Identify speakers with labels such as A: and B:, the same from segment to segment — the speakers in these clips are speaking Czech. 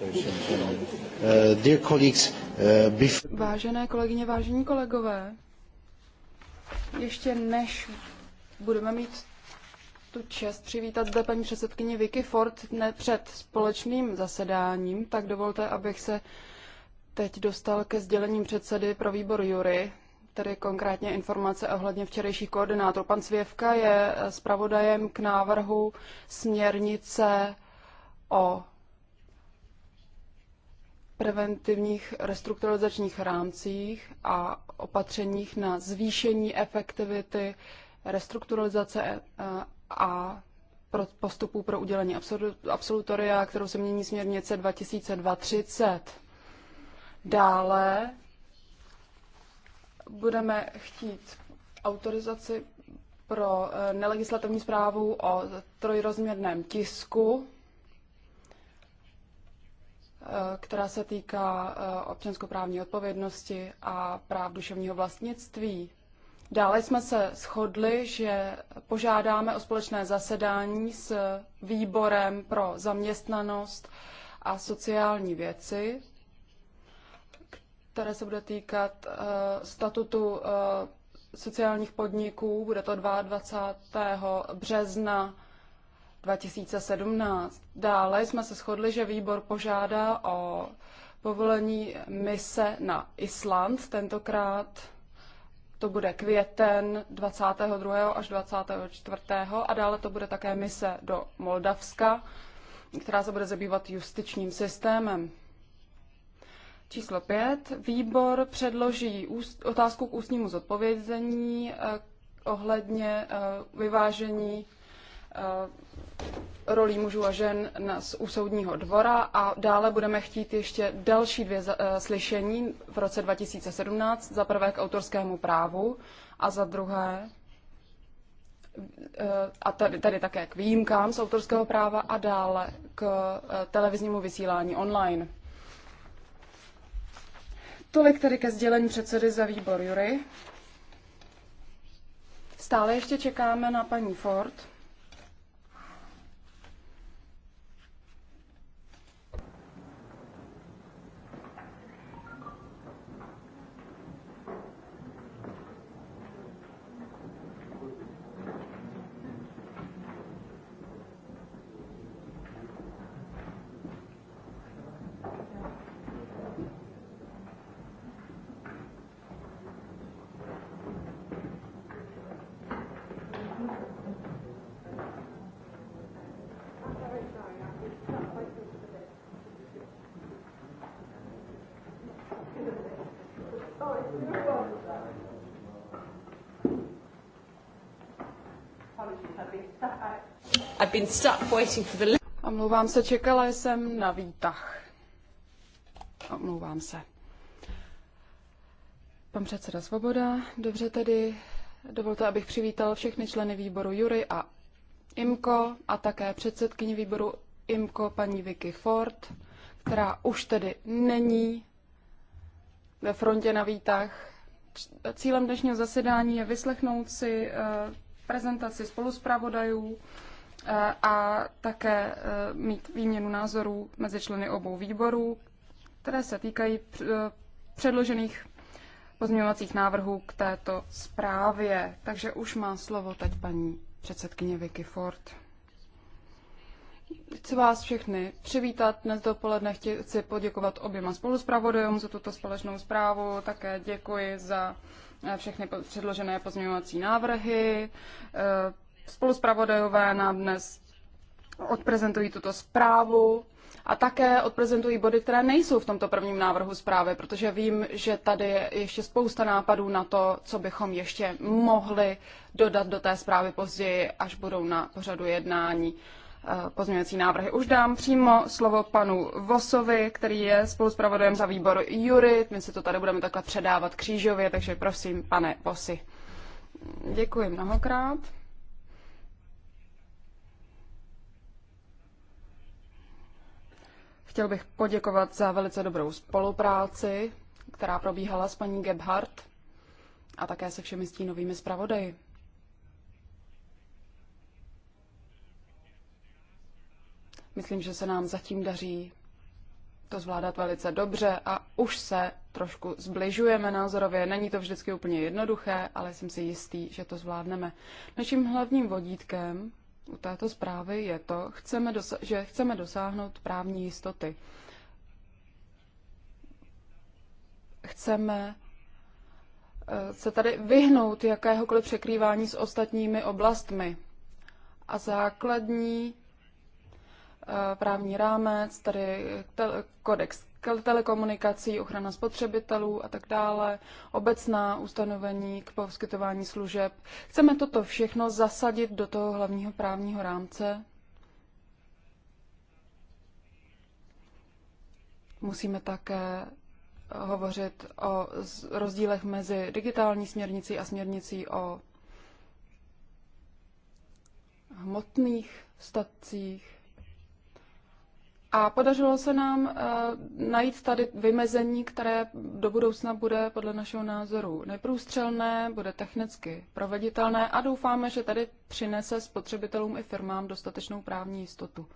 A: Uh,
B: uh,
A: Vážené kolegyně, vážení kolegové, ještě než budeme mít tu čest přivítat zde paní předsedkyni Vicky Ford ne před společným zasedáním, tak dovolte, abych se teď dostal ke sdělením předsedy pro výbor Jury, tedy konkrétně informace ohledně včerejších koordinátorů. Pan Svěvka je zpravodajem k návrhu směrnice o preventivních restrukturalizačních rámcích a opatřeních na zvýšení efektivity restrukturalizace eh, a postupů pro udělení absolutoria, kterou se mění směrnice 2230. Dále budeme chtít autorizaci pro eh, nelegislativní zprávu o trojrozměrném tisku Eh, která se týká eh, občanskoprávní odpovědnosti a práv duševního vlastnictví. Dále jsme se shodli, že požádáme o společné zasedání s výborem pro zaměstnanost a sociální věci, které se bude týkat eh, statutu sociálních podniků. Bude to 22. března 2017. Dále jsme se shodli, že výbor požádá o povolení mise na Island tentokrát. To bude květen 22. až 24. a dále to bude také mise do Moldavska, která se bude zabývat justičním systémem. Číslo 5. Výbor předloží otázku k ústnímu zodpovězení eh, ohledně eh, vyvážení Eh, rolí mužů a žen na, úsoudního dvora a dále budeme chtít ještě další dvě eh, slyšení v roce 2017, za prvé k autorskému právu a za druhé eh, a tady, tady také k výjimkám z autorského práva a dále k televiznímu vysílání online. Tolik tedy ke sdělení předsedy za výbor Jury. Stále ještě čekáme na paní Ford. I've been stuck waiting for the... Omlouvám se, čekala jsem na výtah. Omlouvám se. Pan předseda Svoboda, dobře tedy. Dovolte, abych přivítal všechny členy výboru Jury a IMKO a také předsedkyni výboru IMKO paní Vicky Ford, která už tedy není ve frontě na výtah. Cílem dnešního zasedání je vyslechnout si eh, prezentaci spoluzpravodajů eh, a také eh, mít výměnu názorů mezi členy obou výborů, které se týkají eh, předložených pozměňovacích návrhů k této zprávě. Takže už má slovo teď paní předsedkyně Vicky Ford. Chci vás všechny přivítat. Dnes dopoledne chci poděkovat oběma spoluzpravodajům za tuto společnou zprávu. Také děkuji za Eh, všechny předložené pozměňovací návrhy. Eh, spoluspravodajové nám dnes odprezentují tuto zprávu a také odprezentují body, které nejsou v tomto prvním návrhu zprávy, protože vím, že tady je ještě spousta nápadů na to, co bychom ještě mohli dodat do té zprávy později, až budou na pořadu jednání pozměňovací návrhy. Už dám přímo slovo panu Vosovi, který je spoluzpravodajem za výbor Jury. My si to tady budeme takhle předávat křížově, takže prosím, pane Vosi. Děkuji mnohokrát. Chtěl bych poděkovat za velice dobrou spolupráci, která probíhala s paní Gebhardt a také se všemi stínovými zpravodaji. Myslím, že se nám zatím daří to zvládat velice dobře a už se trošku zbližujeme názorově. Není to vždycky úplně jednoduché, ale jsem si jistý, že to zvládneme. Naším hlavním vodítkem u této zprávy je to, chceme že chceme dosáhnout právní jistoty. Chceme eh, se tady vyhnout jakéhokoliv překrývání s ostatními oblastmi. A základní Eh, právní rámec, tady kodex telekomunikací, ochrana spotřebitelů a tak dále, obecná ustanovení k poskytování služeb. Chceme toto všechno zasadit do toho hlavního právního rámce. Musíme také hovořit o rozdílech mezi digitální směrnicí a směrnicí o hmotných statcích. A podařilo se nám eh, najít tady vymezení, které do budoucna bude podle našeho názoru neprůstřelné, bude technicky proveditelné a doufáme, že tady přinese spotřebitelům i firmám dostatečnou právní jistotu.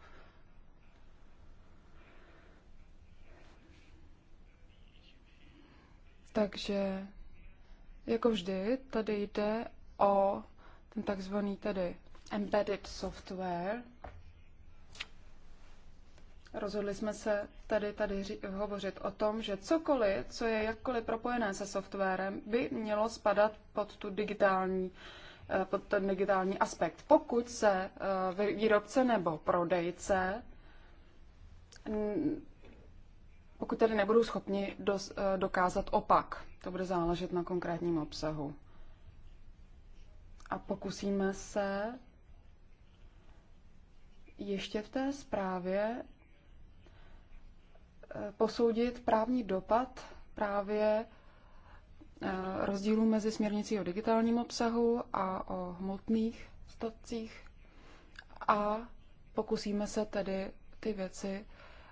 A: Takže jako vždy, tady jde o ten takzvaný tady embedded software, Rozhodli jsme se tady, tady hovořit o tom, že cokoliv, co je jakkoliv propojené se softwarem, by mělo spadat pod tu digitální eh, pod ten digitální aspekt. Pokud se eh, výrobce nebo prodejce, pokud tedy nebudou schopni dos, eh, dokázat opak, to bude záležet na konkrétním obsahu. A pokusíme se ještě v té zprávě Eh, posoudit právní dopad právě eh, rozdílů mezi směrnicí o digitálním obsahu a o hmotných statcích a pokusíme se tedy ty věci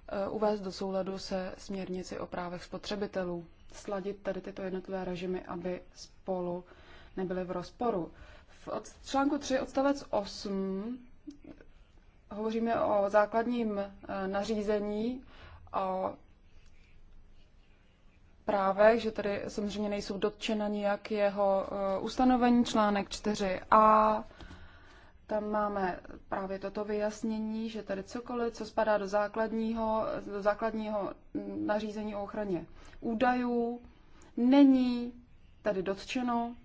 A: eh, uvést do souladu se směrnici o právech spotřebitelů. Sladit tady tyto jednotlivé režimy, aby spolu nebyly v rozporu. V článku 3 odstavec 8 hovoříme o základním nařízení a právě, že tady samozřejmě nejsou dotčena nijak jeho eh, ustanovení, článek 4a. Tam máme právě toto vyjasnění, že tady cokoliv, co spadá do základního, do základního nařízení o ochraně údajů, není tady dotčeno.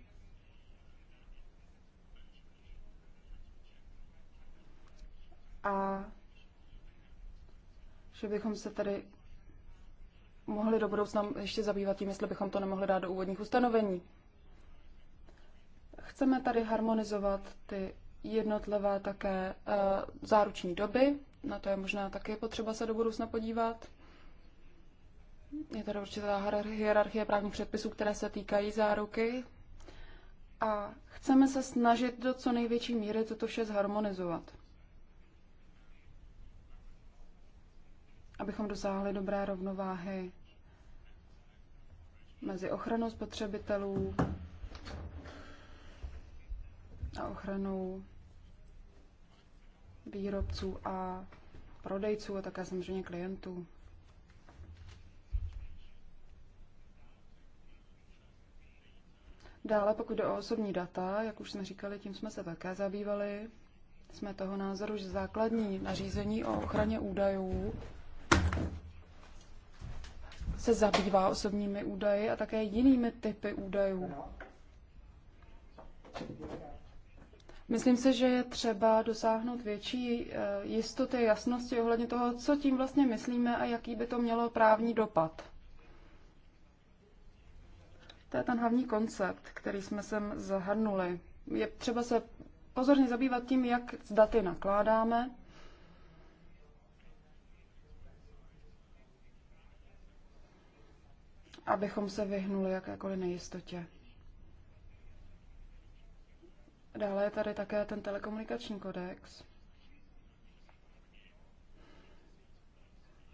A: A že bychom se tady mohli do budoucna ještě zabývat tím, jestli bychom to nemohli dát do úvodních ustanovení. Chceme tady harmonizovat ty jednotlivé také uh, záruční doby, na to je možná také potřeba se do budoucna podívat. Je tady určitá hierarchie právních předpisů, které se týkají záruky. A chceme se snažit do co největší míry toto vše zharmonizovat. abychom dosáhli dobré rovnováhy mezi ochranou spotřebitelů a ochranou výrobců a prodejců a také samozřejmě klientů. Dále, pokud jde o osobní data, jak už jsme říkali, tím jsme se také zabývali. Jsme toho názoru, že základní nařízení o ochraně údajů se zabývá osobními údaji a také jinými typy údajů. Myslím si, že je třeba dosáhnout větší eh, jistoty, jasnosti ohledně toho, co tím vlastně myslíme a jaký by to mělo právní dopad. To je ten hlavní koncept, který jsme sem zahrnuli. Je třeba se pozorně zabývat tím, jak s daty nakládáme, abychom se vyhnuli jakékoliv nejistotě. Dále je tady také ten telekomunikační kodex.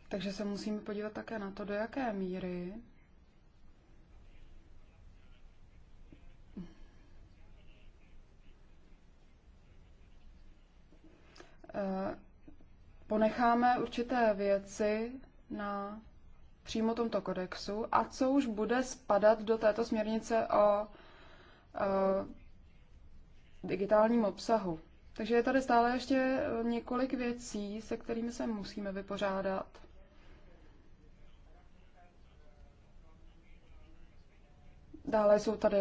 A: Takže se musíme podívat také na to, do jaké míry eh, ponecháme určité věci na přímo tomto kodexu a co už bude spadat do této směrnice o, o digitálním obsahu. Takže je tady stále ještě eh, několik věcí, se kterými se musíme vypořádat. Dále jsou tady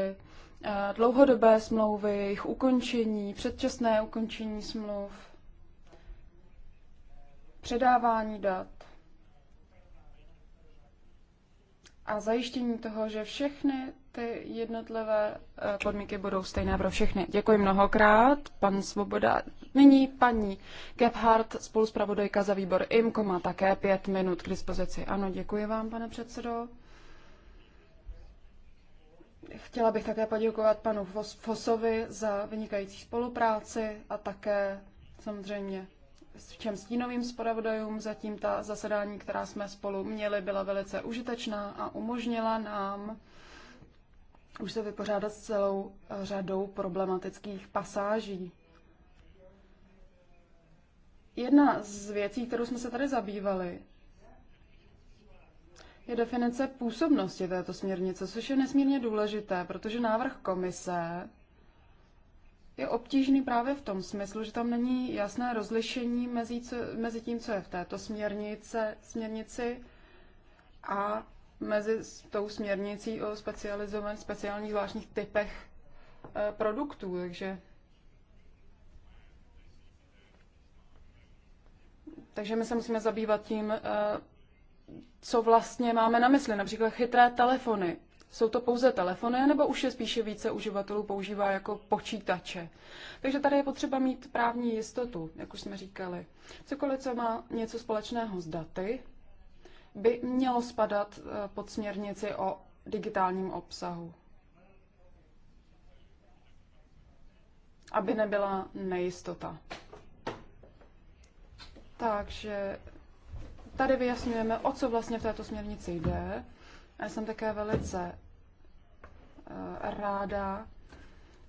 A: eh, dlouhodobé smlouvy, jejich ukončení, předčasné ukončení smluv, předávání dat. a zajištění toho, že všechny ty jednotlivé eh, podmínky budou stejné pro všechny. Děkuji mnohokrát, pan Svoboda. Nyní paní Gebhardt, spoluspravodajka za výbor IMKO, má také pět minut k dispozici. Ano, děkuji vám, pane předsedo. Chtěla bych také poděkovat panu Fosovi za vynikající spolupráci a také samozřejmě všem stínovým zpravodajům. Zatím ta zasedání, která jsme spolu měli, byla velice užitečná a umožnila nám už se vypořádat s celou řadou problematických pasáží. Jedna z věcí, kterou jsme se tady zabývali, je definice působnosti této směrnice, což je nesmírně důležité, protože návrh komise je obtížný právě v tom smyslu, že tam není jasné rozlišení mezi, co, mezi tím, co je v této směrnice, směrnici a mezi tou směrnicí o specializovaných, speciálních zvláštních typech e, produktů. Takže, takže my se musíme zabývat tím, e, co vlastně máme na mysli. Například chytré telefony. Jsou to pouze telefony, nebo už je spíše více uživatelů používá jako počítače. Takže tady je potřeba mít právní jistotu, jak už jsme říkali. Cokoliv, co má něco společného s daty, by mělo spadat eh, pod směrnici o digitálním obsahu. Aby nebyla nejistota. Takže tady vyjasňujeme, o co vlastně v této směrnici jde. A já jsem také velice eh, ráda,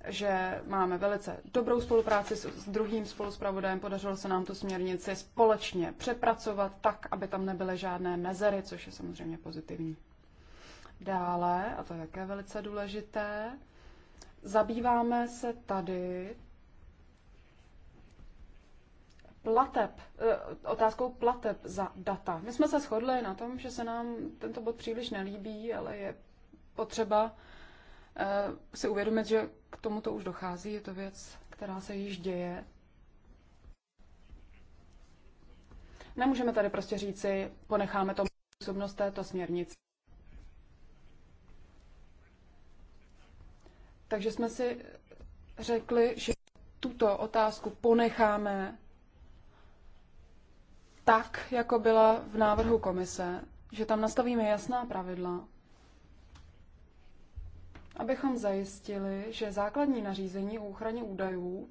A: že máme velice dobrou spolupráci s, s druhým spoluspravodajem. Podařilo se nám tu směrnici společně přepracovat tak, aby tam nebyly žádné mezery, což je samozřejmě pozitivní. Dále, a to je také velice důležité, zabýváme se tady plateb, eh, otázkou plateb za data. My jsme se shodli na tom, že se nám tento bod příliš nelíbí, ale je potřeba eh, si uvědomit, že k tomu to už dochází. Je to věc, která se již děje. Nemůžeme tady prostě říci, ponecháme to působnost této směrnice. Takže jsme si řekli, že tuto otázku ponecháme tak, jako byla v návrhu komise, že tam nastavíme jasná pravidla, abychom zajistili, že základní nařízení o ochraně údajů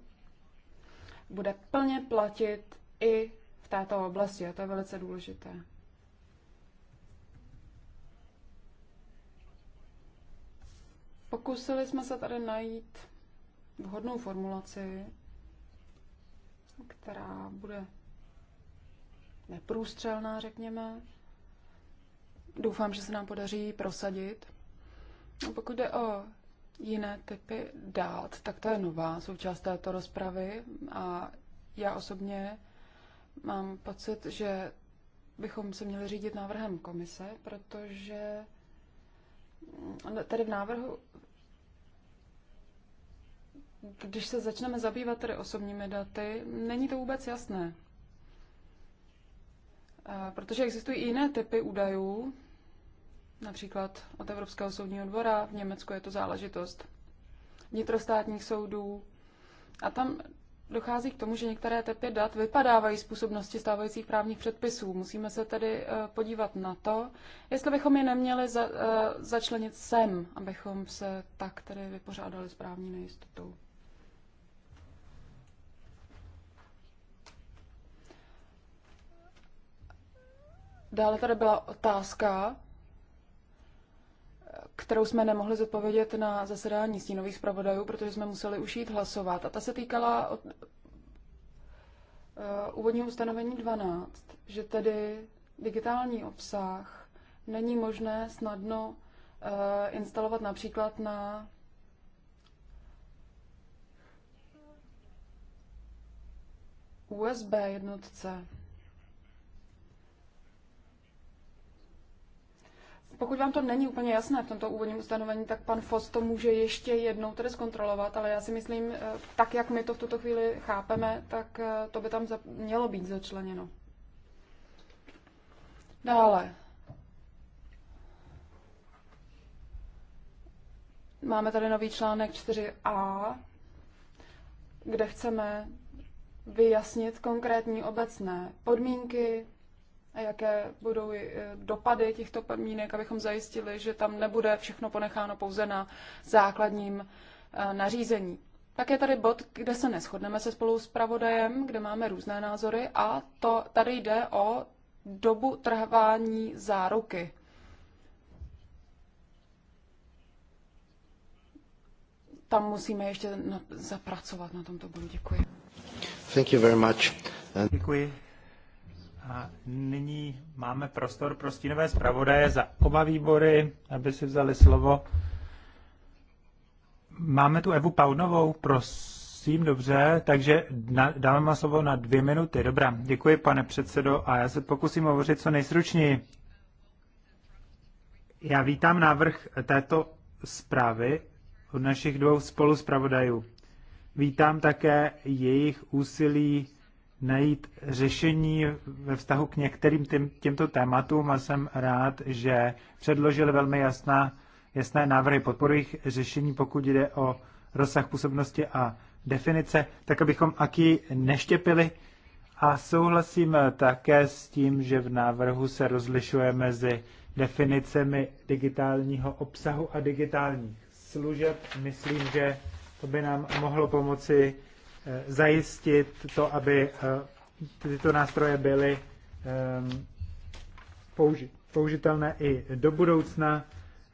A: bude plně platit i v této oblasti. A to je velice důležité. Pokusili jsme se tady najít vhodnou formulaci, která bude neprůstřelná, řekněme. Doufám, že se nám podaří prosadit. A pokud jde o jiné typy dát, tak to je nová součást této rozpravy a já osobně mám pocit, že bychom se měli řídit návrhem komise, protože mm, tady v návrhu, když se začneme zabývat tedy osobními daty, není to vůbec jasné protože existují i jiné typy údajů, například od Evropského soudního dvora, v Německu je to záležitost vnitrostátních soudů, a tam dochází k tomu, že některé typy dat vypadávají z působnosti stávajících právních předpisů. Musíme se tedy e, podívat na to, jestli bychom je neměli za, e, začlenit sem, abychom se tak tedy vypořádali s právní nejistotou. Dále tady byla otázka, kterou jsme nemohli zodpovědět na zasedání stínových zpravodajů, protože jsme museli už jít hlasovat. A ta se týkala od, uh, eh, úvodního ustanovení 12, že tedy digitální obsah není možné snadno uh, instalovat například na USB jednotce. Pokud vám to není úplně jasné v tomto úvodním ustanovení, tak pan Fos to může ještě jednou tedy zkontrolovat, ale já si myslím, eh, tak jak my to v tuto chvíli chápeme, tak eh, to by tam mělo být začleněno. Dále. Máme tady nový článek 4a, kde chceme vyjasnit konkrétní obecné podmínky a jaké budou eh, dopady těchto podmínek, abychom zajistili, že tam nebude všechno ponecháno pouze na základním eh, nařízení. Tak je tady bod, kde se neschodneme se spolu s pravodajem, kde máme různé názory a to tady jde o dobu trvání záruky. Tam musíme ještě zapracovat na tomto bodu. Děkuji.
B: Thank you very much. And... Děkuji. A nyní máme prostor pro stínové zpravodaje za oba výbory, aby si vzali slovo. Máme tu Evu Paunovou, prosím, dobře, takže dáme má slovo na dvě minuty. Dobrá, děkuji, pane předsedo, a já se pokusím hovořit co nejstručněji. Já vítám návrh této zprávy od našich dvou spoluzpravodajů. Vítám také jejich úsilí najít řešení ve vztahu k některým těm, těmto tématům a jsem rád, že předložili velmi jasná, jasné návrhy podporových řešení, pokud jde o rozsah působnosti a definice, tak abychom aký neštěpili. A souhlasím také s tím, že v návrhu se rozlišuje mezi definicemi digitálního obsahu a digitálních služeb. Myslím, že to by nám mohlo pomoci Eh, zajistit to, aby eh, tyto nástroje byly ehm, použitelné i do budoucna,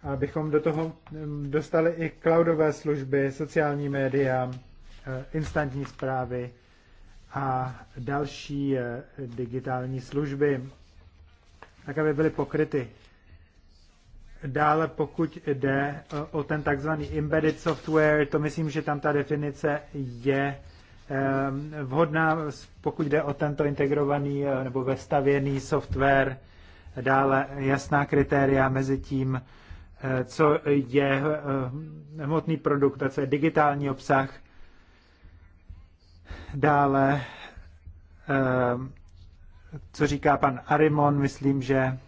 B: abychom do toho ehm, dostali i cloudové služby, sociální média, eh, instantní zprávy a další digitální služby, tak aby byly pokryty. Dále, pokud jde o ten takzvaný embedded software, to myslím, že tam ta definice je Ehm, vhodná, pokud jde o tento integrovaný eh, nebo vestavěný software, dále jasná kritéria mezi tím, eh, co je eh, hmotný produkt a co je digitální obsah. Dále, ehm, co říká pan Arimon, myslím, že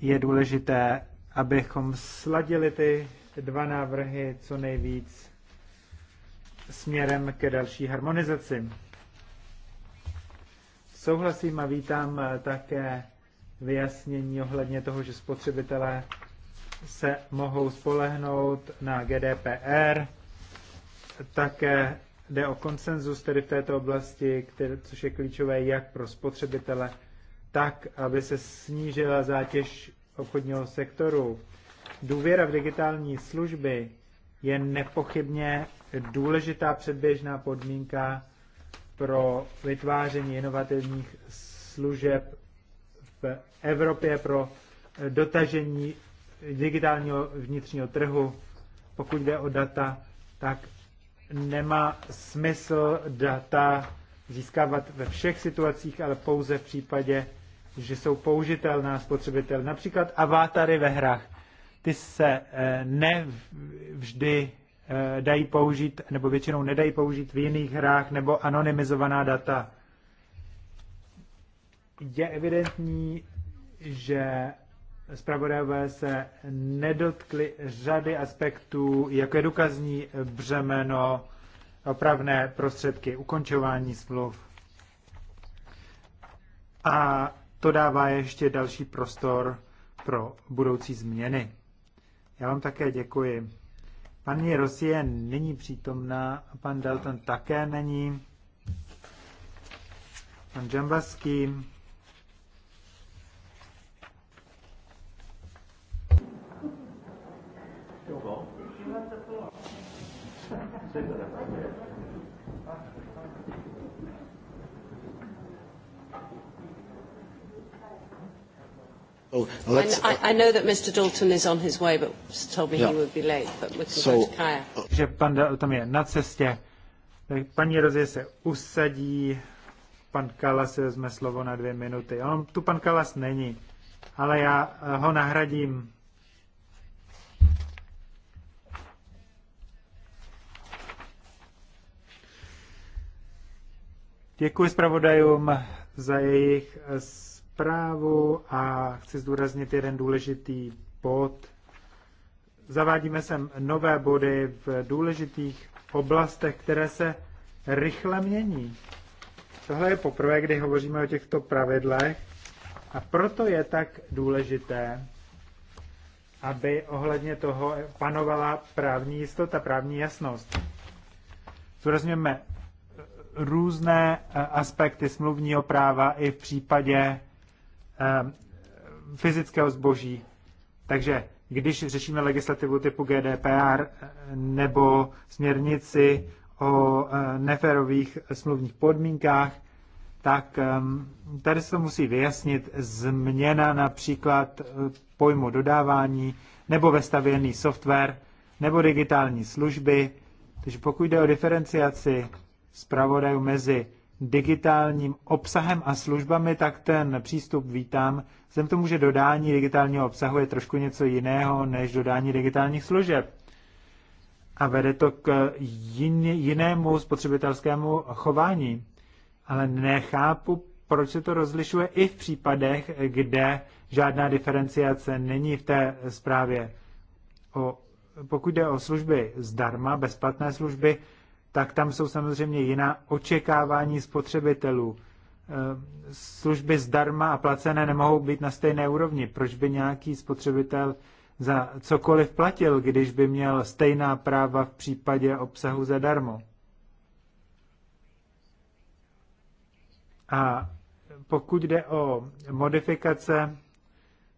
B: je důležité, abychom sladili ty dva návrhy co nejvíc směrem ke další harmonizaci. Souhlasím a vítám eh, také vyjasnění ohledně toho, že spotřebitelé se mohou spolehnout na GDPR. Také jde o konsenzus tedy v této oblasti, které, což je klíčové jak pro spotřebitele, tak, aby se snížila zátěž obchodního sektoru. Důvěra v digitální služby je nepochybně důležitá předběžná podmínka pro vytváření inovativních služeb v Evropě pro dotažení digitálního vnitřního trhu. Pokud jde o data, tak nemá smysl data získávat ve všech situacích, ale pouze v případě, že jsou použitelná spotřebitel. Například avatary ve hrách. Ty se eh, ne vždy Eh, dají použít, nebo většinou nedají použít v jiných hrách, nebo anonymizovaná data. Je evidentní, že zpravodajové se nedotkli řady aspektů, jako je důkazní břemeno, opravné prostředky, ukončování smluv. A to dává ještě další prostor pro budoucí změny. Já vám také děkuji. Paní Rosie není přítomná, pan Dalton také není, pan Džambaský.
A: Thank you. Oh, let's, I,
B: I know that Mr. Dalton is on his way, but told me yeah. he would be late, but we can so, go to Kaya. Uh, Že pan Dalton je na cestě, tak eh, paní Rozie se usadí, pan Kalas vezme slovo na dvě minuty. On tu pan Kalas není, ale já eh, ho nahradím. Děkuji zpravodajům za jejich eh, zprávu a chci zdůraznit jeden důležitý bod. Zavádíme sem nové body v důležitých oblastech, které se rychle mění. Tohle je poprvé, kdy hovoříme o těchto pravidlech a proto je tak důležité, aby ohledně toho panovala právní jistota, právní jasnost. Zdůrazňujeme různé eh, aspekty smluvního práva i v případě Ehm, fyzického zboží. Takže když řešíme legislativu typu GDPR eh, nebo směrnici o eh, neférových smluvních podmínkách, tak ehm, tady se musí vyjasnit změna například eh, pojmu dodávání nebo vestavěný software nebo digitální služby. Takže pokud jde o diferenciaci zpravodajů mezi digitálním obsahem a službami, tak ten přístup vítám. Vzhledem tomu, že dodání digitálního obsahu je trošku něco jiného než dodání digitálních služeb. A vede to k jinému spotřebitelskému chování. Ale nechápu, proč se to rozlišuje i v případech, kde žádná diferenciace není v té zprávě. O, pokud jde o služby zdarma, bezplatné služby, tak tam jsou samozřejmě jiná očekávání spotřebitelů. E, služby zdarma a placené nemohou být na stejné úrovni. Proč by nějaký spotřebitel za cokoliv platil, když by měl stejná práva v případě obsahu zadarmo? A pokud jde o modifikace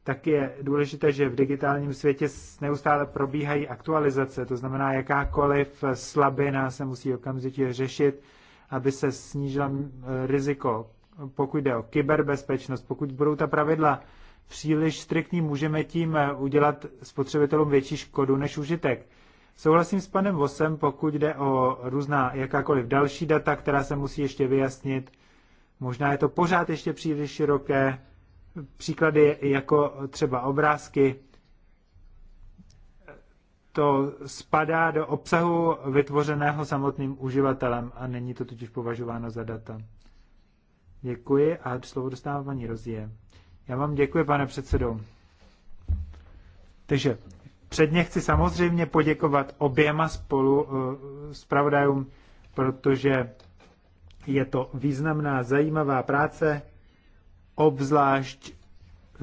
B: tak je důležité, že v digitálním světě neustále probíhají aktualizace, to znamená, jakákoliv slabina se musí okamžitě řešit, aby se snížilo riziko. Pokud jde o kyberbezpečnost, pokud budou ta pravidla příliš striktní, můžeme tím eh, udělat spotřebitelům větší škodu než užitek. Souhlasím s panem Vosem, pokud jde o různá jakákoliv další data, která se musí ještě vyjasnit. Možná je to pořád ještě příliš široké, příklady jako třeba obrázky. To spadá do obsahu vytvořeného samotným uživatelem a není to totiž považováno za data. Děkuji a slovo dostává paní Rozie. Já vám děkuji, pane předsedo. Takže předně chci samozřejmě poděkovat oběma spolu eh, zpravodajům, protože je to významná, zajímavá práce, obzvlášť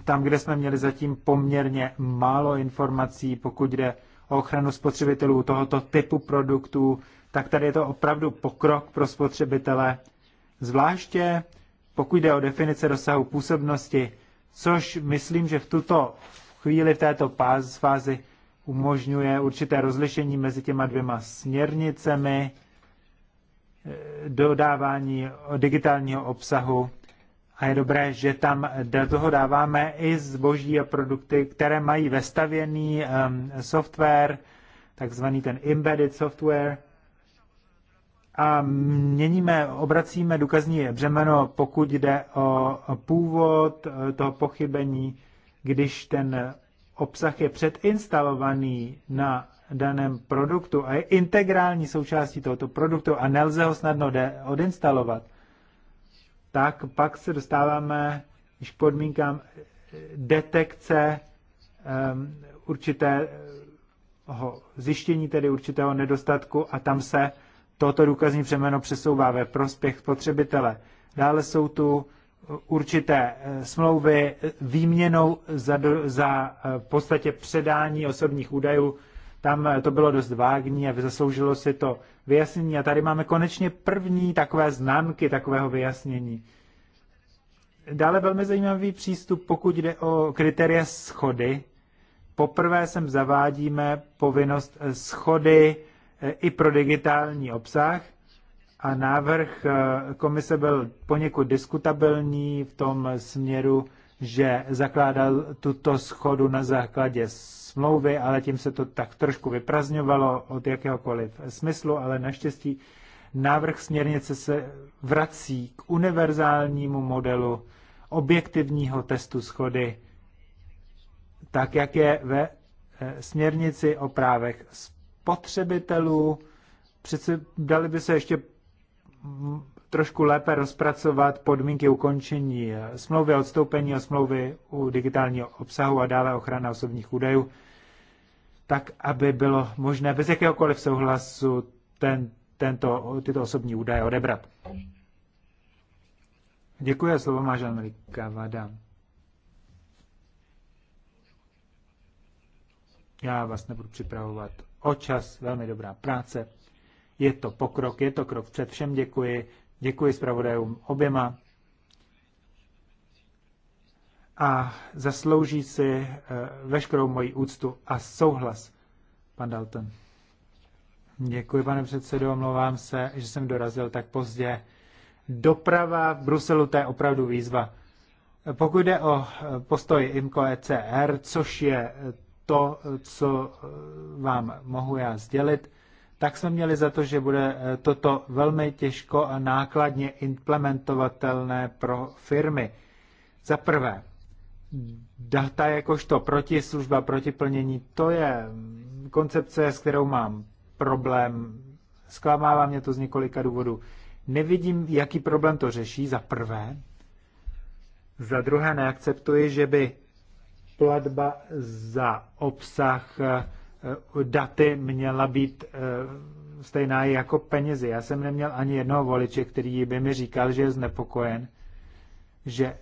B: tam, kde jsme měli zatím poměrně málo informací, pokud jde o ochranu spotřebitelů tohoto typu produktů, tak tady je to opravdu pokrok pro spotřebitele, zvláště pokud jde o definice dosahu působnosti, což myslím, že v tuto chvíli, v této fázi umožňuje určité rozlišení mezi těma dvěma směrnicemi, eh, dodávání digitálního obsahu a je dobré, že tam do toho dáváme i zboží a produkty, které mají vestavěný um, software, takzvaný ten embedded software. A měníme, obracíme důkazní břemeno, pokud jde o původ eh, toho pochybení, když ten obsah je předinstalovaný na daném produktu a je integrální součástí tohoto produktu a nelze ho snadno odinstalovat, tak pak se dostáváme již k podmínkám detekce um, určitého zjištění, tedy určitého nedostatku a tam se toto důkazní přeměno přesouvá ve prospěch spotřebitele. Dále jsou tu určité eh, smlouvy výměnou za, za eh, v podstatě předání osobních údajů. Tam eh, to bylo dost vágní a zasloužilo si to vyjasnění. A tady máme konečně první takové známky takového vyjasnění. Dále velmi zajímavý přístup, pokud jde o kritéria schody. Poprvé sem zavádíme povinnost schody eh, i pro digitální obsah a návrh eh, komise byl poněkud diskutabilní v tom směru, že zakládal tuto schodu na základě smlouvy, ale tím se to tak trošku vyprazňovalo od jakéhokoliv smyslu, ale naštěstí návrh směrnice se vrací k univerzálnímu modelu objektivního testu schody, tak jak je ve eh, směrnici o právech spotřebitelů. Přece dali by se ještě trošku lépe rozpracovat podmínky ukončení eh, smlouvy, odstoupení a smlouvy u digitálního obsahu a dále ochrana osobních údajů, tak aby bylo možné bez jakéhokoliv souhlasu ten, tento, tyto osobní údaje odebrat. Děkuji a slovo má jean vada. Já vás nebudu připravovat o čas, velmi dobrá práce. Je to pokrok, je to krok před všem, děkuji Děkuji zpravodajům oběma. A zaslouží si eh, veškerou moji úctu a souhlas, pan Dalton. Děkuji, pane předsedo, omlouvám se, že jsem dorazil tak pozdě. Doprava v Bruselu, to je opravdu výzva. Pokud jde o eh, postoj IMCO ECR, což je eh, to, co vám mohu já sdělit, tak jsme měli za to, že bude eh, toto velmi těžko a nákladně implementovatelné pro firmy. Za prvé, data jakožto protislužba, protiplnění, to je mm, koncepce, s kterou mám problém. Zklamává mě to z několika důvodů. Nevidím, jaký problém to řeší, za prvé. Za druhé, neakceptuji, že by platba za obsah eh, daty měla být eh, stejná jako penězi. Já jsem neměl ani jednoho voliče, který by mi říkal, že je znepokojen, že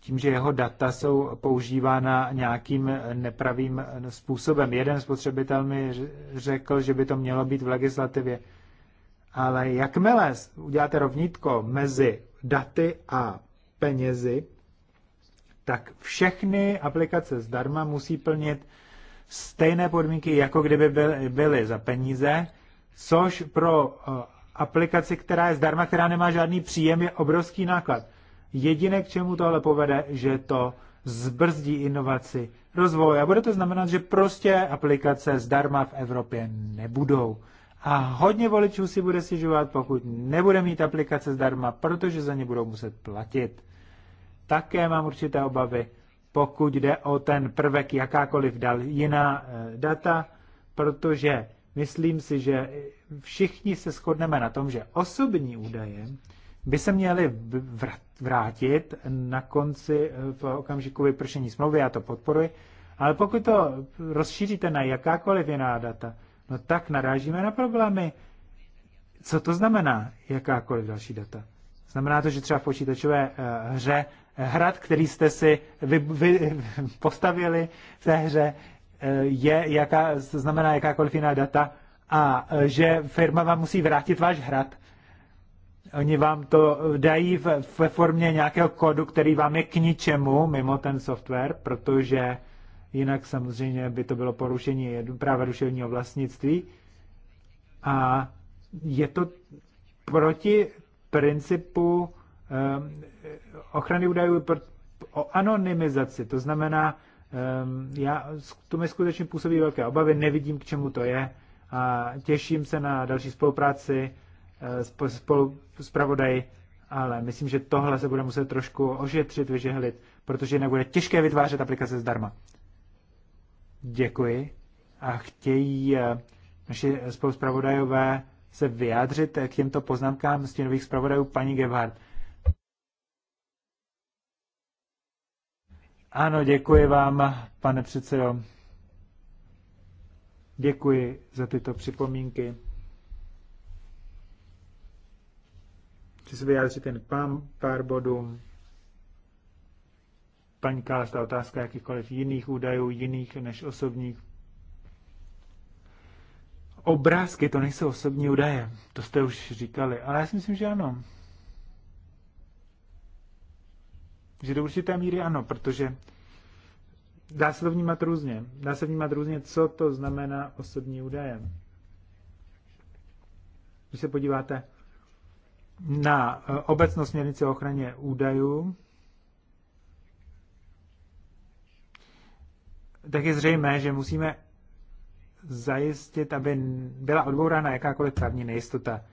B: tím, že jeho data jsou používána nějakým nepravým způsobem. Jeden spotřebitel mi řekl, že by to mělo být v legislativě. Ale jakmile uděláte rovnítko mezi daty a penězi, tak všechny aplikace zdarma musí plnit stejné podmínky, jako kdyby byly za peníze, což pro uh, aplikaci, která je zdarma, která nemá žádný příjem, je obrovský náklad. Jediné, k čemu tohle povede, že to zbrzdí inovaci, rozvoj a bude to znamenat, že prostě aplikace zdarma v Evropě nebudou. A hodně voličů si bude stěžovat, pokud nebude mít aplikace zdarma, protože za ně budou muset platit. Také mám určité obavy, pokud jde o ten prvek jakákoliv dal, jiná eh, data, protože myslím si, že všichni se shodneme na tom, že osobní údaje by se měly vrátit na konci eh, v okamžiku vypršení smlouvy, já to podporuji, ale pokud to rozšíříte na jakákoliv jiná data, no tak narážíme na problémy. Co to znamená jakákoliv další data? Znamená to, že třeba v počítačové eh, hře hrad, který jste si vy, vy, postavili v té hře, eh, je, jaká, znamená jakákoliv jiná data a eh, že firma vám musí vrátit váš hrad. Oni vám to dají ve formě nějakého kódu, který vám je k ničemu mimo ten software, protože jinak samozřejmě by to bylo porušení práva duševního vlastnictví. A je to proti principu Ehm, ochrany údajů o anonymizaci. To znamená, ehm, já, to mi skutečně působí velké obavy, nevidím, k čemu to je a těším se na další spolupráci eh, spolu s pravodají, ale myslím, že tohle se bude muset trošku ošetřit, vyžehlit, protože jinak bude těžké vytvářet aplikace zdarma. Děkuji. A chtějí eh, naši spolu se vyjádřit k těmto poznámkám stínových zpravodajů paní Gebhardt. Ano, děkuji vám, pane předsedo. Děkuji za tyto připomínky. Chci se vyjádřit jen pán, pár bodů. Kálas, ta otázka jakýchkoliv jiných údajů, jiných než osobních. Obrázky to nejsou osobní údaje, to jste už říkali, ale já si myslím, že ano. že do určité míry ano, protože dá se to vnímat různě. Dá se vnímat různě, co to znamená osobní údaje. Když se podíváte na eh, obecnou směrnici o ochraně údajů, tak je zřejmé, že musíme zajistit, aby byla odbourána jakákoliv právní nejistota.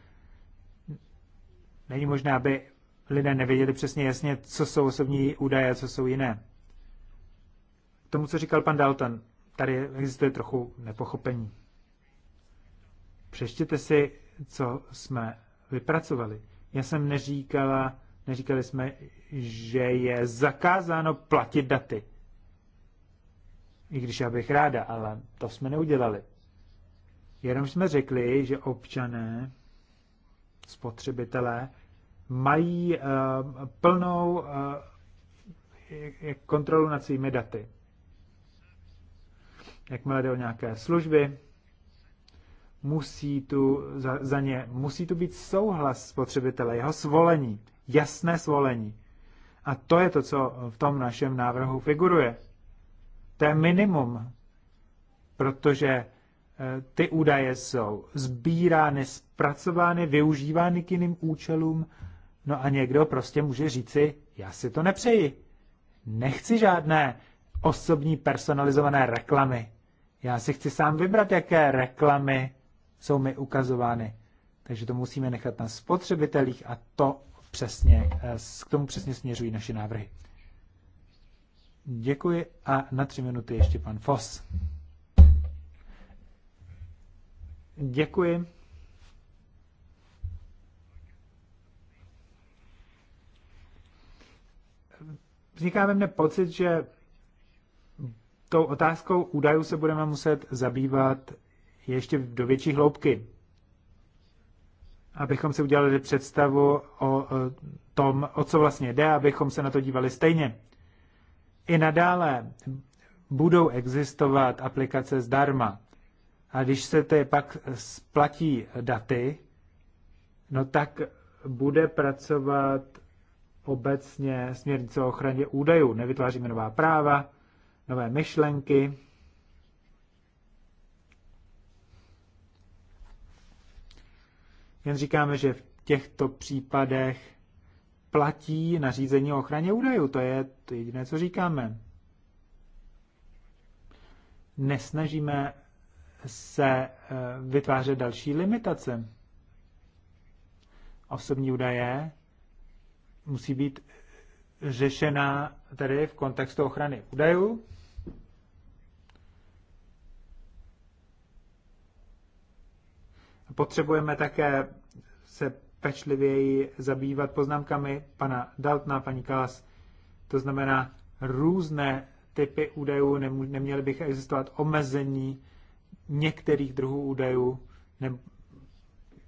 B: Není možné, aby lidé nevěděli přesně jasně, co jsou osobní údaje a co jsou jiné. K tomu, co říkal pan Dalton, tady existuje trochu nepochopení. Přeštěte si, co jsme vypracovali. Já jsem neříkala, neříkali jsme, že je zakázáno platit daty. I když já bych ráda, ale to jsme neudělali. Jenom jsme řekli, že občané, spotřebitelé, mají eh, plnou eh, kontrolu nad svými daty. Jakmile jde o nějaké služby, musí tu za, za ně musí tu být souhlas spotřebitele, jeho svolení, jasné svolení. A to je to, co v tom našem návrhu figuruje. To je minimum, protože eh, ty údaje jsou sbírány, zpracovány, využívány k jiným účelům No a někdo prostě může říci, já si to nepřeji. Nechci žádné osobní personalizované reklamy. Já si chci sám vybrat, jaké reklamy jsou mi ukazovány. Takže to musíme nechat na spotřebitelích a to přesně, eh, k tomu přesně směřují naše návrhy. Děkuji a na tři minuty ještě pan Fos Děkuji. vzniká ve mně pocit, že tou otázkou údajů se budeme muset zabývat ještě do větší hloubky, abychom si udělali představu o tom, o co vlastně jde, abychom se na to dívali stejně. I nadále budou existovat aplikace zdarma. A když se ty pak splatí daty, no tak bude pracovat obecně směrnice o ochraně údajů. Nevytváříme nová práva, nové myšlenky. Jen říkáme, že v těchto případech platí nařízení o ochraně údajů. To je to jediné, co říkáme. Nesnažíme se eh, vytvářet další limitace. Osobní údaje musí být řešena tedy v kontextu ochrany údajů. Potřebujeme také se pečlivěji zabývat poznámkami pana Daltna, paní Kalas. To znamená různé typy údajů, neměly bych existovat omezení některých druhů údajů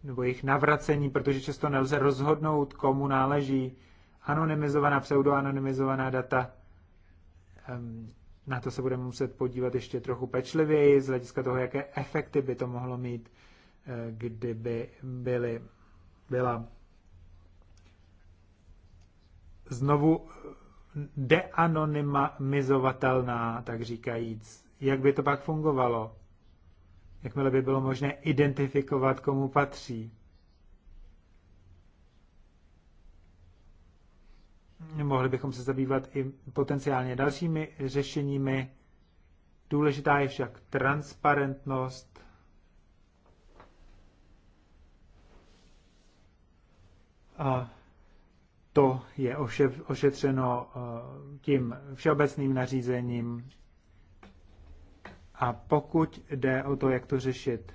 B: nebo jejich navracení, protože často nelze rozhodnout, komu náleží anonymizovaná, pseudoanonymizovaná data. Na to se budeme muset podívat ještě trochu pečlivěji z hlediska toho, jaké efekty by to mohlo mít, eh, kdyby byly, byla znovu deanonymizovatelná, tak říkajíc. Jak by to pak fungovalo? Jakmile by bylo možné identifikovat, komu patří? Mohli bychom se zabývat i potenciálně dalšími řešeními. Důležitá je však transparentnost. A to je ošetřeno eh, tím všeobecným nařízením. A pokud jde o to, jak to řešit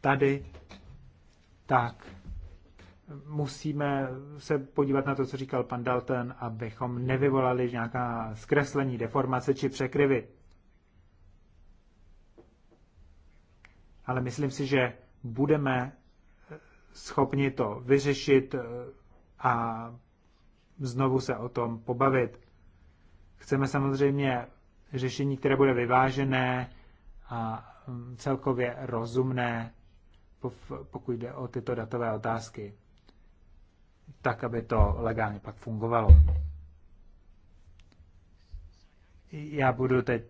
B: tady, tak musíme se podívat na to, co říkal pan Dalton, abychom nevyvolali nějaká zkreslení, deformace či překryvy. Ale myslím si, že budeme eh, schopni to vyřešit eh, a znovu se o tom pobavit. Chceme samozřejmě řešení, které bude vyvážené a mm, celkově rozumné, pokud jde o tyto datové otázky tak, aby to legálně pak fungovalo. Já budu teď,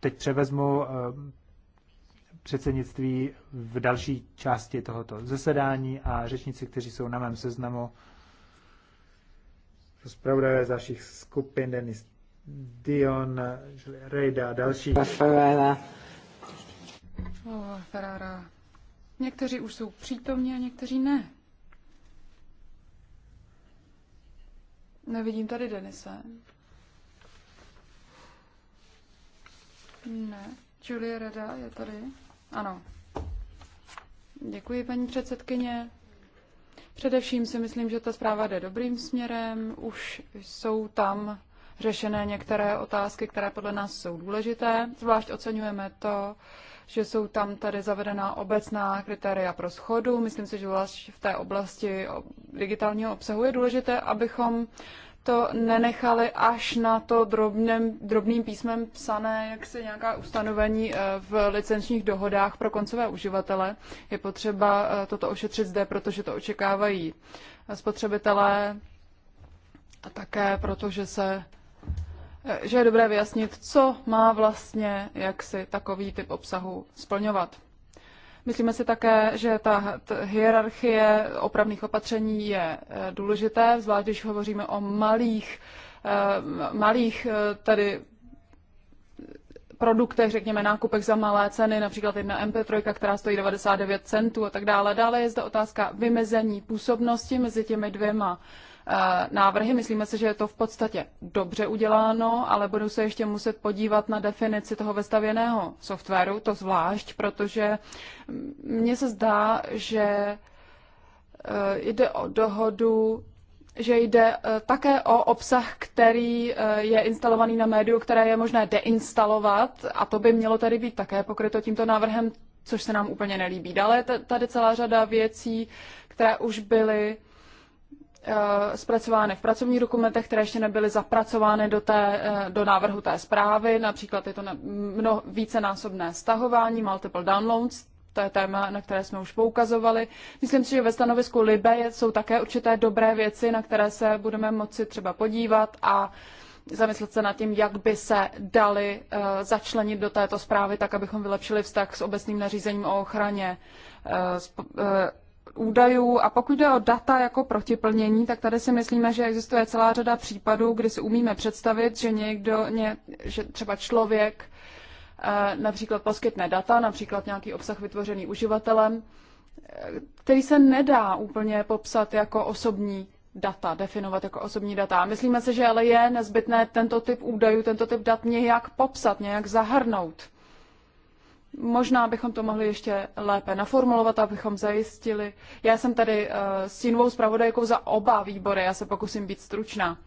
B: teď převezmu eh, předsednictví v další části tohoto zasedání a řečníci, kteří jsou na mém seznamu, zpravodajové z našich skupin Denis Dion, Rejda a další.
A: Oh, Ferrara. Někteří už jsou přítomní a někteří ne. Nevidím tady Denise. Ne. Julie Reda je tady. Ano. Děkuji, paní předsedkyně. Především si myslím, že ta zpráva jde dobrým směrem. Už jsou tam řešené některé otázky, které podle nás jsou důležité. Zvlášť oceňujeme to, že jsou tam tady zavedená obecná kritéria pro schodu. Myslím si, že vlastně v té oblasti digitálního obsahu je důležité, abychom to nenechali až na to drobným, drobným písmem psané, jak se nějaká ustanovení eh, v licenčních dohodách pro koncové uživatele. Je potřeba eh, toto ošetřit zde, protože to očekávají spotřebitelé a také proto, že se že je dobré vyjasnit, co má vlastně jaksi takový typ obsahu splňovat. Myslíme si také, že ta hierarchie opravných opatření je e, důležité, zvlášť když hovoříme o malých, e, malých e, tady produktech, řekněme nákupech za malé ceny, například jedna MP3, která stojí 99 centů a tak dále. Dále je zde otázka vymezení působnosti mezi těmi dvěma Eh, návrhy. Myslíme si, že je to v podstatě dobře uděláno, ale budu se ještě muset podívat na definici toho vestavěného softwaru, to zvlášť, protože mně se zdá, že eh, jde o dohodu že jde eh, také o obsah, který je instalovaný na médiu, které je možné deinstalovat a to by mělo tady být také pokryto tímto návrhem, což se nám úplně nelíbí. Dále je tady celá řada věcí, které už byly Eh, zpracovány v pracovních dokumentech, které ještě nebyly zapracovány do, té, eh, do návrhu té zprávy. Například je to mno, vícenásobné stahování, multiple downloads, to je téma, na které jsme už poukazovali. Myslím si, že ve stanovisku Libe jsou také určité dobré věci, na které se budeme moci třeba podívat a zamyslet se nad tím, jak by se dali eh, začlenit do této zprávy, tak abychom vylepšili vztah s obecným nařízením o ochraně údajů a pokud jde o data jako protiplnění, tak tady si myslíme, že existuje celá řada případů, kdy si umíme představit, že někdo, ně, že třeba člověk eh, například poskytne data, například nějaký obsah vytvořený uživatelem, eh, který se nedá úplně popsat jako osobní data, definovat jako osobní data. Myslíme si, že ale je nezbytné tento typ údajů, tento typ dat nějak popsat, nějak zahrnout. Možná bychom to mohli ještě lépe naformulovat, abychom zajistili. Já jsem tady uh, eh, jinou zpravodajkou za oba výbory, já se pokusím být stručná.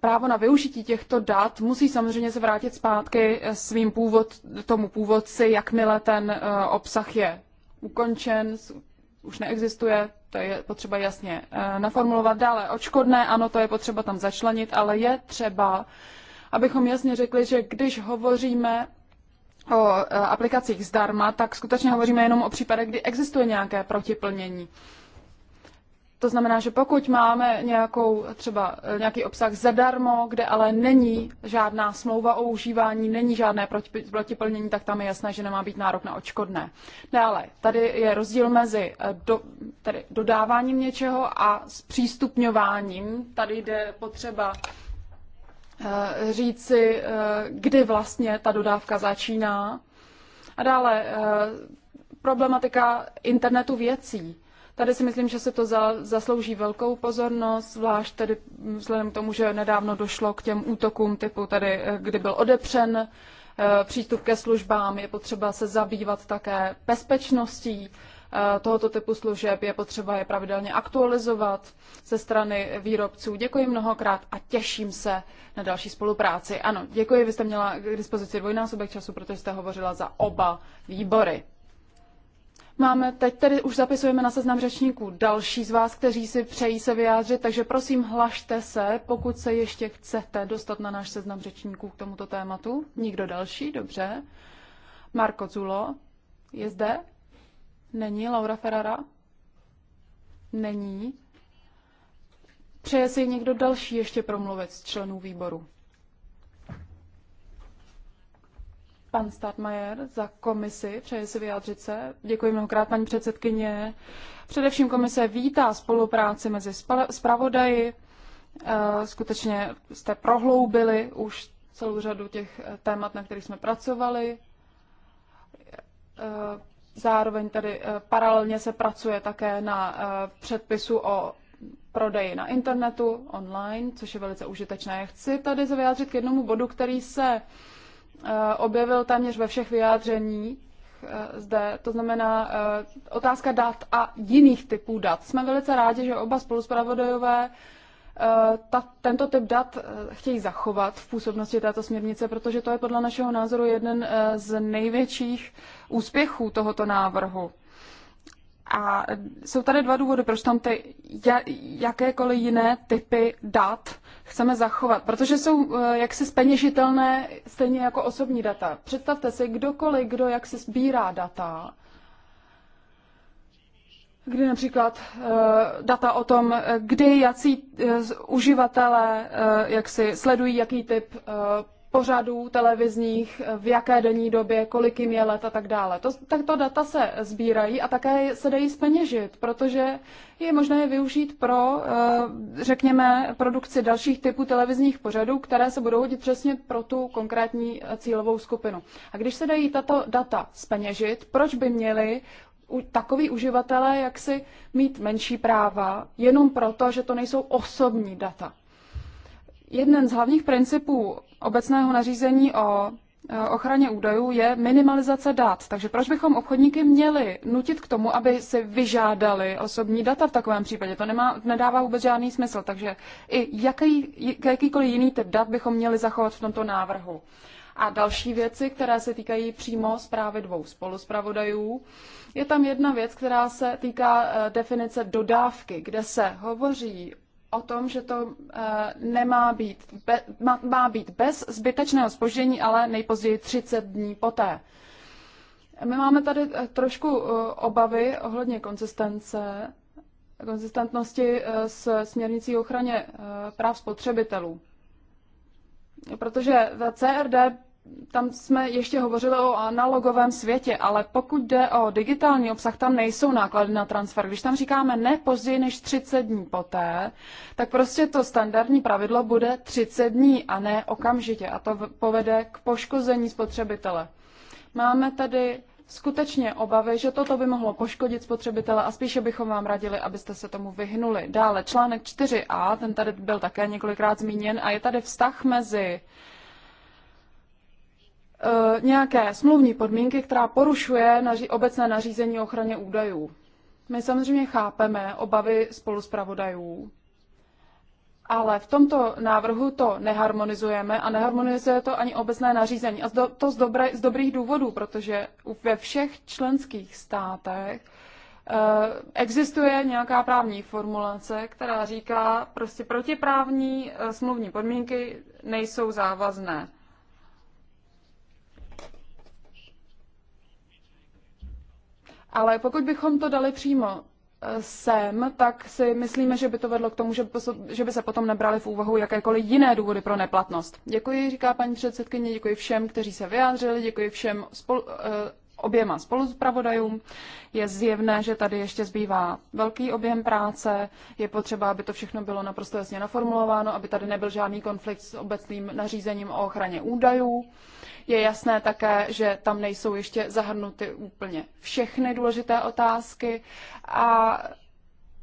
A: Právo na využití těchto dat musí samozřejmě se vrátit zpátky eh, svým původ, tomu původci, jakmile ten uh, obsah je ukončen, už neexistuje, to je potřeba jasně naformulovat dále. Očkodné, ano, to je potřeba tam začlenit, ale je třeba abychom jasně řekli, že když hovoříme o e, aplikacích zdarma, tak skutečně hovoříme jenom o případech, kdy existuje nějaké protiplnění. To znamená, že pokud máme nějakou, třeba e, nějaký obsah zadarmo, kde ale není žádná smlouva o užívání, není žádné protiplnění, tak tam je jasné, že nemá být nárok na očkodné. Dále, tady je rozdíl mezi e, do, tedy dodáváním něčeho a zpřístupňováním. Tady jde potřeba Eh, říci, eh, kdy vlastně ta dodávka začíná. A dále eh, problematika internetu věcí. Tady si myslím, že se to za, zaslouží velkou pozornost, zvlášť tedy vzhledem k tomu, že nedávno došlo k těm útokům typu tady, kdy byl odepřen přístup ke službám, je potřeba se zabývat také bezpečností Eh, tohoto typu služeb. Je potřeba je pravidelně aktualizovat ze strany výrobců. Děkuji mnohokrát a těším se na další spolupráci. Ano, děkuji, vy jste měla k dispozici dvojnásobek času, protože jste hovořila za oba výbory. Máme teď tedy už zapisujeme na seznam řečníků další z vás, kteří si přejí se vyjádřit, takže prosím hlašte se, pokud se ještě chcete dostat na náš seznam řečníků k tomuto tématu. Nikdo další, dobře. Marko Zulo je zde? Není. Laura Ferrara? Není. Přeje si někdo další ještě promluvit z členů výboru? Pan Stadmajer za komisi přeje si vyjádřit se. Děkuji mnohokrát, paní předsedkyně. Především komise vítá spolupráci mezi zpravodaji. Eh, skutečně jste prohloubili už celou řadu těch eh, témat, na kterých jsme pracovali eh, Zároveň tady eh, paralelně se pracuje také na eh, předpisu o prodeji na internetu, online, což je velice užitečné. Chci tady vyjádřit k jednomu bodu, který se eh, objevil téměř ve všech vyjádřeních zde, to znamená otázka dat a jiných typů dat. Jsme velice rádi, že oba spoluspravodajové Eh, ta, tento typ dat eh, chtějí zachovat v působnosti této směrnice, protože to je podle našeho názoru jeden eh, z největších úspěchů tohoto návrhu. A jsou tady dva důvody, proč tam ty jakékoliv jiné typy dat chceme zachovat, protože jsou jaksi speněžitelné stejně jako osobní data. Představte si, kdokoliv, kdo jaksi sbírá data, kdy například eh, data o tom, kdy jací eh, uživatelé eh, jak si sledují, jaký typ pořadů televizních, v jaké denní době, kolik jim je let a tak dále. To, takto data se sbírají a také se dají speněžit, protože je možné je využít pro, řekněme, produkci dalších typů televizních pořadů, které se budou hodit přesně pro tu konkrétní cílovou skupinu. A když se dají tato data speněžit, proč by měly takový uživatelé jaksi mít menší práva, jenom proto, že to nejsou osobní data. Jeden z hlavních principů obecného nařízení o e, ochraně údajů je minimalizace dat. Takže proč bychom obchodníky měli nutit k tomu, aby si vyžádali osobní data v takovém případě? To nemá, nedává vůbec žádný smysl. Takže i jaký, jakýkoliv jiný typ dat bychom měli zachovat v tomto návrhu a další věci, které se týkají přímo zprávy dvou spoluspravodajů. Je tam jedna věc, která se týká eh, definice dodávky, kde se hovoří o tom, že to eh, nemá být, be, má, být bez zbytečného spoždění, ale nejpozději 30 dní poté. My máme tady eh, trošku obavy ohledně konzistence, konzistentnosti s směrnicí ochraně práv spotřebitelů. Protože CRD tam jsme ještě hovořili o analogovém světě, ale pokud jde o digitální obsah, tam nejsou náklady na transfer. Když tam říkáme ne později než 30 dní poté, tak prostě to standardní pravidlo bude 30 dní a ne okamžitě. A to povede k poškození spotřebitele. Máme tady skutečně obavy, že toto by mohlo poškodit spotřebitele a spíše bychom vám radili, abyste se tomu vyhnuli. Dále článek 4a, ten tady byl také několikrát zmíněn a je tady vztah mezi E, nějaké smluvní podmínky, která porušuje naři- obecné nařízení o ochraně údajů. My samozřejmě chápeme obavy spoluspravodajů, ale v tomto návrhu to neharmonizujeme a neharmonizuje to ani obecné nařízení. A to z, dobré, z dobrých důvodů, protože ve všech členských státech e, existuje nějaká právní formulace, která říká, prostě protiprávní e, smluvní podmínky nejsou závazné. Ale pokud bychom to dali přímo eh, sem, tak si myslíme, že by to vedlo k tomu, že by se potom nebrali v úvahu jakékoliv jiné důvody pro neplatnost. Děkuji, říká paní předsedkyně, děkuji všem, kteří se vyjádřili, děkuji všem spolu, eh, oběma spoluzpravodajům. Je zjevné, že tady ještě zbývá velký objem práce. Je potřeba, aby to všechno bylo naprosto jasně naformulováno, aby tady nebyl žádný konflikt s obecným nařízením o ochraně údajů. Je jasné také, že tam nejsou ještě zahrnuty úplně všechny důležité otázky a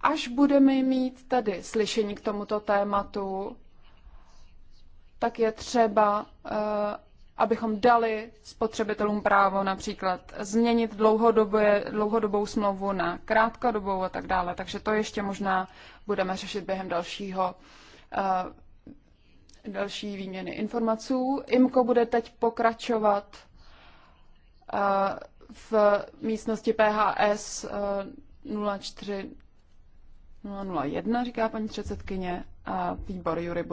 A: až budeme mít tedy slyšení k tomuto tématu, tak je třeba eh, abychom dali spotřebitelům právo například změnit dlouhodobě, dlouhodobou smlouvu na krátkodobou a tak dále. Takže to ještě možná budeme řešit během dalšího uh, další výměny informací. IMKO bude teď pokračovat eh, v místnosti PHS 04001, eh, říká paní předsedkyně, a výbor Jury bude